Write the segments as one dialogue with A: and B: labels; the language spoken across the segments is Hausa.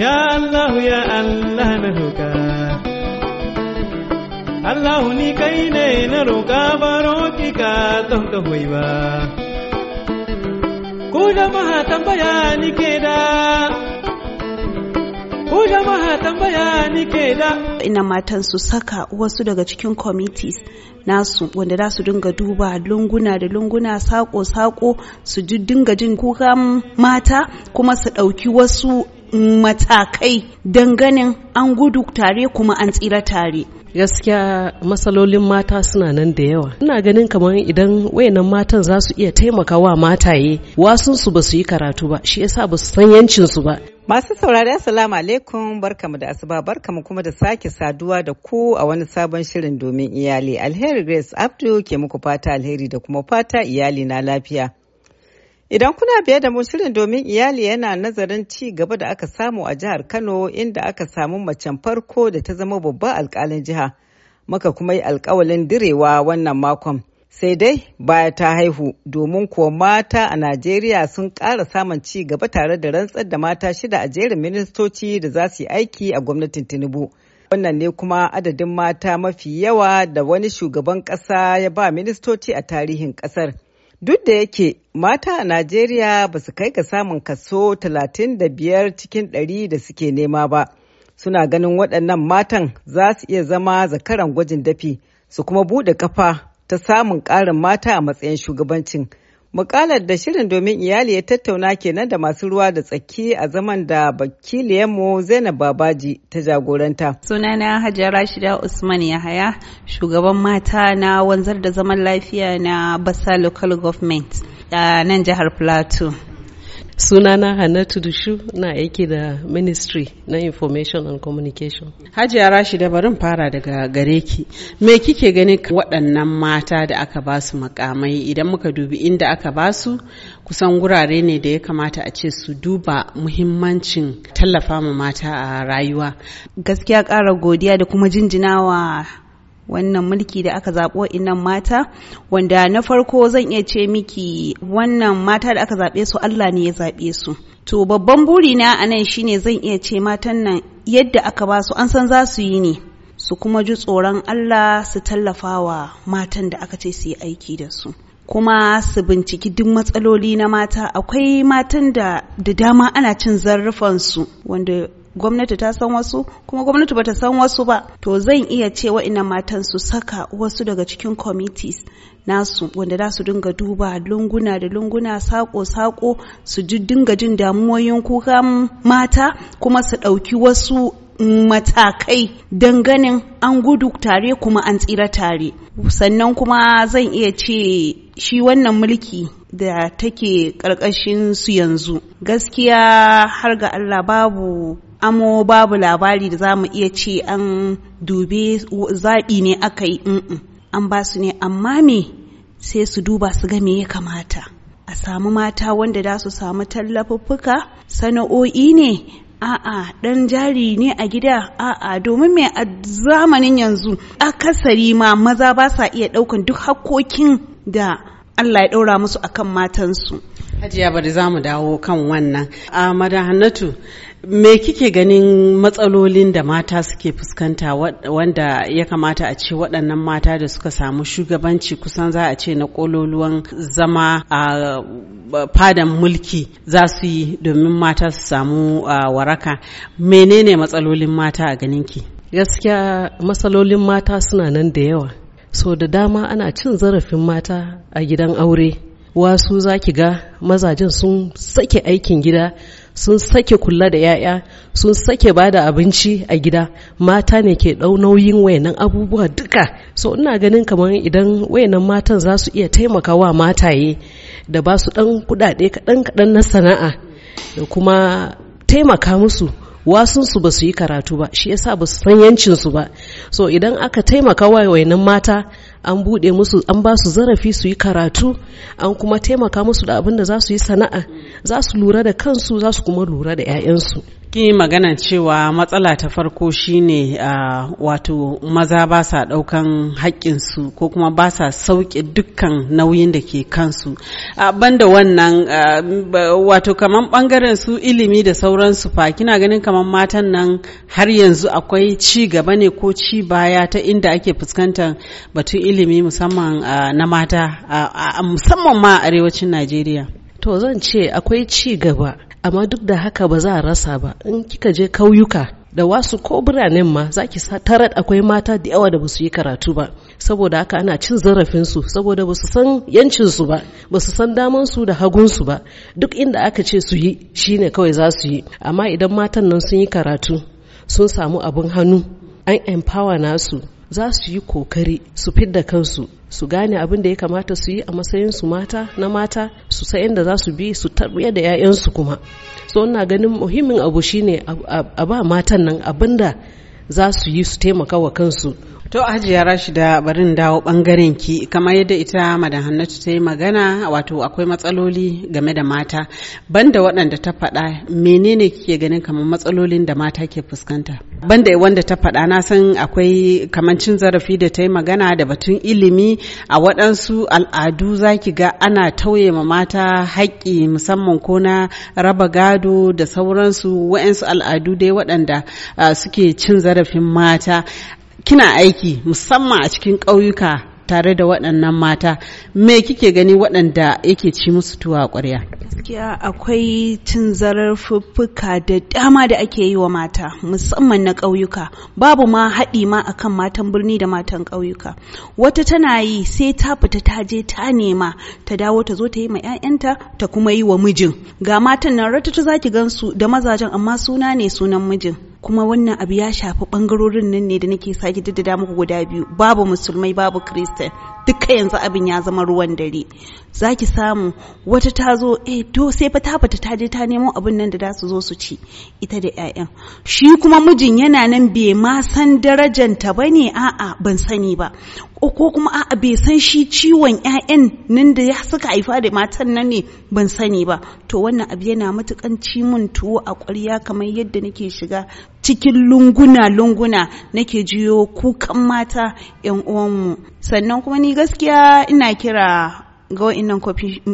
A: Ya Allah ya Allah na roka Allah ni kai ne na roka baro ki ka don ka hoyi ba Ku maha tambaya ni ke da
B: Ku maha tambaya ni ke da. Ina matan su saka wasu daga cikin committees nasu wanda za su dinga duba lunguna da lunguna sako-sako su dinga jin kukan mata kuma su ɗauki wasu matakai danganin an gudu tare kuma an tsira tare. gaskiya
C: matsalolin mata suna nan da yawa ina ganin kamar idan wayannan matan za su iya taimaka wa mataye wasunsu ba su yi karatu ba shi yasa ba su san yancinsu ba
A: Masu saurari Assalamu alaikum barkamu da asuba barkamu kuma da sake saduwa da ku a wani sabon shirin domin iyali. Alheri Grace Abdu ke muku fata alheri da kuma fata iyali na lafiya. Idan kuna biye da mu shirin domin iyali yana nazarin ci gaba da aka samu a jihar Kano inda aka samu macen farko da ta zama babban alkalin jiha. maka kuma yi alkawalin direwa wannan makon. Sai dai baya ta haihu domin kuwa mata a Najeriya sun ƙara samun ci gaba tare da rantsar da mata shida a jerin ministoci da za su yi aiki a gwamnatin Tinubu. Wannan ne kuma adadin mata mafi yawa da wani shugaban ƙasa ya ba ministoci a tarihin ƙasar. Duk da yake mata a Najeriya ba su kai ga samun kaso 35 cikin 100 da suke nema ba. Suna ganin waɗannan matan za su iya zama zakaran gwajin dafi su kuma buɗe kafa ta samun ƙarin mata a matsayin shugabancin. Mukalar da shirin domin iyali ya tattauna kenan da masu ruwa da tsaki a zaman da bakiliyanmu Zainab Babaji ta jagoranta. Sunana Hajara Shida Usman Yahaya,
B: shugaban mata na wanzar da zaman lafiya na Basa Local Government a nan jihar Plateau. sunana hannatu dushu na aiki da ministry
D: na information and communication hajiya rashida barin fara daga gare ki me kike ganin waɗannan mata da aka ba su makamai idan muka dubi inda aka ba su kusan gurare ne da ya kamata a ce su duba muhimmancin tallafa ma
B: mata a rayuwa gaskiya ƙara godiya da kuma jinjinawa wannan mulki da aka zaɓo innan mata wanda na farko zan iya ce miki wannan mata da aka zaɓe su Allah ne ya zaɓe su to babban burina a nan shine zan iya ce matan nan yadda aka ba su an san za su yi ne su kuma ji tsoron Allah su tallafa wa matan da aka ce su yi aiki da su kuma su binciki duk matsaloli na mata akwai matan da dama ana cin zarrufansu wanda gwamnati ta san wasu kuma gwamnati bata san wasu ba to zan iya ce wa'ina matan su saka wasu daga cikin committees nasu wanda za su dinga duba lunguna da lunguna sako-sako su dinga jin damuwoyin kuka mata kuma su ɗauki wasu matakai ganin an gudu tare kuma an tsira tare sannan kuma zan iya ce shi wannan mulki da take ƙarƙashin su yanzu gaskiya har ga Allah babu amo babu labari da za mu iya ce an dube zaɓi ne aka yi an ba su ne amma me sai su duba su ga me ya kamata a samu mata wanda za su samu tallafuffuka sana'o'i ne a'a dan jari ne a gida a'a domin me a zamanin yanzu akasari ma maza ba sa iya daukan duk hakkokin da Allah ya daura musu akan matansu Hajiya bari za mu dawo kan wannan. A madahannatu me kike
D: ganin matsalolin da mata suke fuskanta wanda ya kamata a ce waɗannan mata da suka samu shugabanci kusan za a ce na ƙololuwan zama a fadan mulki za su yi domin mata su samu waraka. Menene matsalolin mata a ganinki? Gaskiya matsalolin mata suna nan da
C: yawa. So da dama ana cin zarafin mata a gidan aure. wasu za ki ga mazajen sun sake aikin gida sun sake kula da 'ya'ya sun sake ba da abinci a gida mata ne ke ɗau nauyin wayannan abubuwa duka so ina ganin kamar idan wayannan matan za su iya taimakawa mataye da ba su ɗan kuɗaɗe kaɗan-kaɗan na sana'a da kuma taimaka musu wasunsu ba su yi karatu ba shi yasa ba su san yancinsu ba so idan aka taimaka wa wayannan mata an bude musu an ba su zarafi su yi karatu an kuma taimaka musu da abin da za su yi sana'a za su lura da kansu za su kuma lura da 'ya'yansu
D: ki magana cewa matsala ta farko shine uh, wato maza ba sa ɗaukan haƙƙinsu ko kuma ba sa sauƙi dukkan nauyin da ke kansu uh, banda wannan wato kaman ɓangaren su ilimi da sauransu fa kina ganin kaman matan nan har yanzu akwai ci gaba ne ko ci baya ta inda ake fuskantar batun ilimi musamman uh, na mata uh, musamman ma a arewacin najeriya to zan ce akwai ci gaba amma duk da haka ba za a rasa ba in kika je
C: kauyuka da wasu ko biranen ma za ki tarar akwai mata da yawa da ba yi karatu ba saboda haka ana cin zarafinsu saboda ba su san yancinsu ba ba su san damansu da hagunsu ba duk inda aka ce su yi ne kawai za su yi amma idan matan nan sun yi karatu sun samu abin hannu an empower nasu za su yi kokari su fidda kansu su gane abin da ya kamata su yi a matsayin su mata na mata su sa da za su bi su tarbiya da 'ya'yansu kuma so ina ganin muhimmin abu shine
D: a ba matan nan abin da za su yi su taimaka wa kansu To Hajiya Rashida barin dawo bangaren ki kamar yadda ita madan Hannatu ta yi magana wato akwai matsaloli game da mata banda waɗanda ta faɗa menene kike ganin kamar matsalolin da mata ke fuskanta banda wanda ta faɗa na san akwai kamar cin zarafi da ta yi magana da batun ilimi a waɗansu al'adu zaki ga ana tauye ma mata haƙƙi musamman ko na raba gado da sauransu waɗansu al'adu dai waɗanda suke cin zarafin mata kina aiki musamman a cikin ƙauyuka tare da waɗannan mata me kike gani waɗanda yake ci musu tuwa ƙwarya
B: gaskiya akwai cin zarafuffuka da dama da ake yi wa mata musamman na ƙauyuka babu ma haɗi ma akan matan birni da matan ƙauyuka wata tana yi sai ta fita ta je ta nema ta dawo ta zo ta yi ma 'ya'yanta ta kuma yi wa mijin ga matan nan ratata zaki gansu da mazajen amma suna ne sunan mijin kuma wannan abu ya shafi bangarorin nan ne da nake sake da muku guda biyu babu musulmai babu kirista. duka yanzu abin ya zama ruwan dare za ki samu wata ta zo eh to sai fa ta fata ta je ta nemo abin nan da za su zo su ci ita da 'ya'yan shi kuma mijin yana nan bai ma san darajanta ba ne a'a ban sani ba ko kuma a'a bai san shi ciwon 'ya'yan nan da ya suka haifa da matan nan ne ban sani ba to wannan abu yana matukan ci mun tuwo a ƙwarya kamar yadda nake shiga cikin lunguna-lunguna nake jiyo kukan mata 'yan uwanmu sannan kuma ni gaskiya ina kira ga wa'innan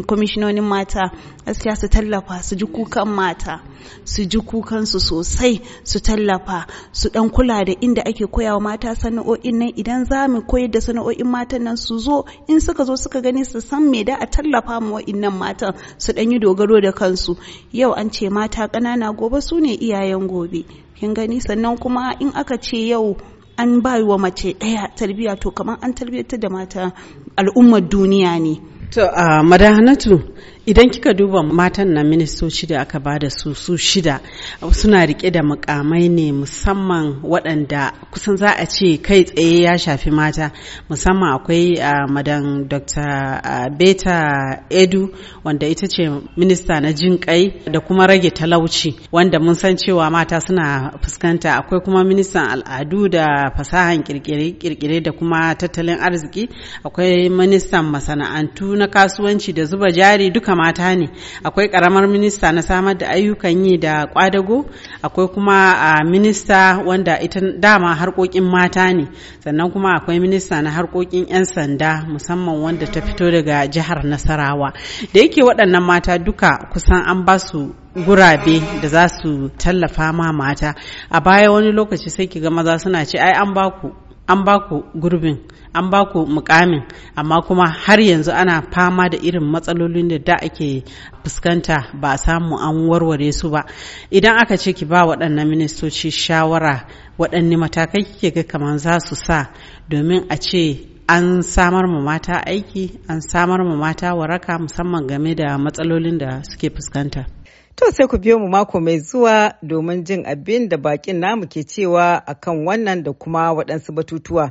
B: kwamishinonin mata gaskiya su tallafa su ji kukan mata su ji kukansu sosai su tallafa su dan kula da inda ake koyawa mata sana'o'in nan idan za mu koyar da sana'o'in matan nan su zo in suka zo suka gani su san me da a tallafa ma wa'innan matan su dan yi dogaro da kansu yau an ce mata ƙanana gobe su ne iyayen gobe kin gani sannan kuma in aka ce yau an bai wa mace ɗaya tarbiyya to kamar an tarbiyyar da mata al'ummar duniya ne
D: to a ah, madahanatu idan kika duba matan na ministoci da aka ba da su su shida suna rike da mukamai ne musamman waɗanda kusan za a ce kai tsaye ya shafi mata musamman akwai madan dr beta edu wanda ita ce minista na jin kai da kuma rage talauci wanda mun san cewa mata suna fuskanta akwai kuma ministan al'adu da fasahan kirkire da kuma tattalin arziki akwai ministan masana'antu na kasuwanci da zuba jari duka mata ne akwai karamar minista na samar da ayyukan yi da kwadago akwai kuma a minista wanda ita dama harkokin mata ne sannan kuma akwai minista na harkokin 'yan sanda musamman wanda ta fito daga jihar nasarawa da yake waɗannan mata duka kusan an ba su gurabe da za su tallafa ma mata a baya wani lokaci sai ki ga maza suna ce ai an baku an ba ku gurbin an ba ku mukamin amma kuma har yanzu ana fama da irin matsalolin da da ake fuskanta ba a samu an warware su ba idan aka ce ki ba waɗannan ministoci shawara waɗanne matakai kike ga kamar za su sa domin a ce an samar ma mata aiki an samar ma mata waraka musamman game da
A: matsalolin da suke fuskanta To sai ku biyo mu mako mai zuwa domin jin abin da bakin namu ke cewa akan wannan da kuma waɗansu batutuwa.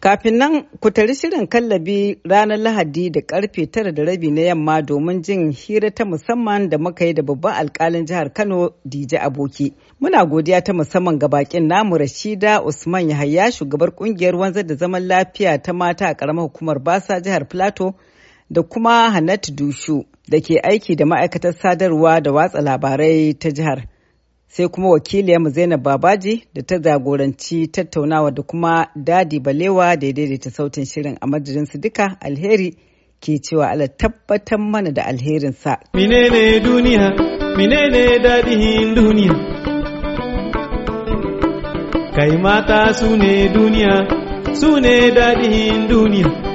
A: Kafin nan ku tari shirin kallabi ranar Lahadi da karfe tara da rabi na yamma domin jin hira ta musamman da muka yi da babban alkalin jihar Kano DJ Aboki. Muna godiya ta musamman ga bakin namu Rashida Usman Yahaya shugabar kungiyar wanzar da zaman lafiya ta mata a karamar hukumar Basa jihar Plateau da kuma Hannatu Dushu da ke aiki da ma'aikatar sadarwa da watsa labarai ta jihar. Sai kuma wakiliyarmu Zainab Babaji da ta Zagoranci tattaunawa da kuma Dadi Balewa da ya daidaita sautin shirin a madadin su duka alheri ke cewa ala tabbatar mana da alherinsa. Menene duniya, menene dadihin duniya. Kai mata su ne duniya, su ne dadihin duniya.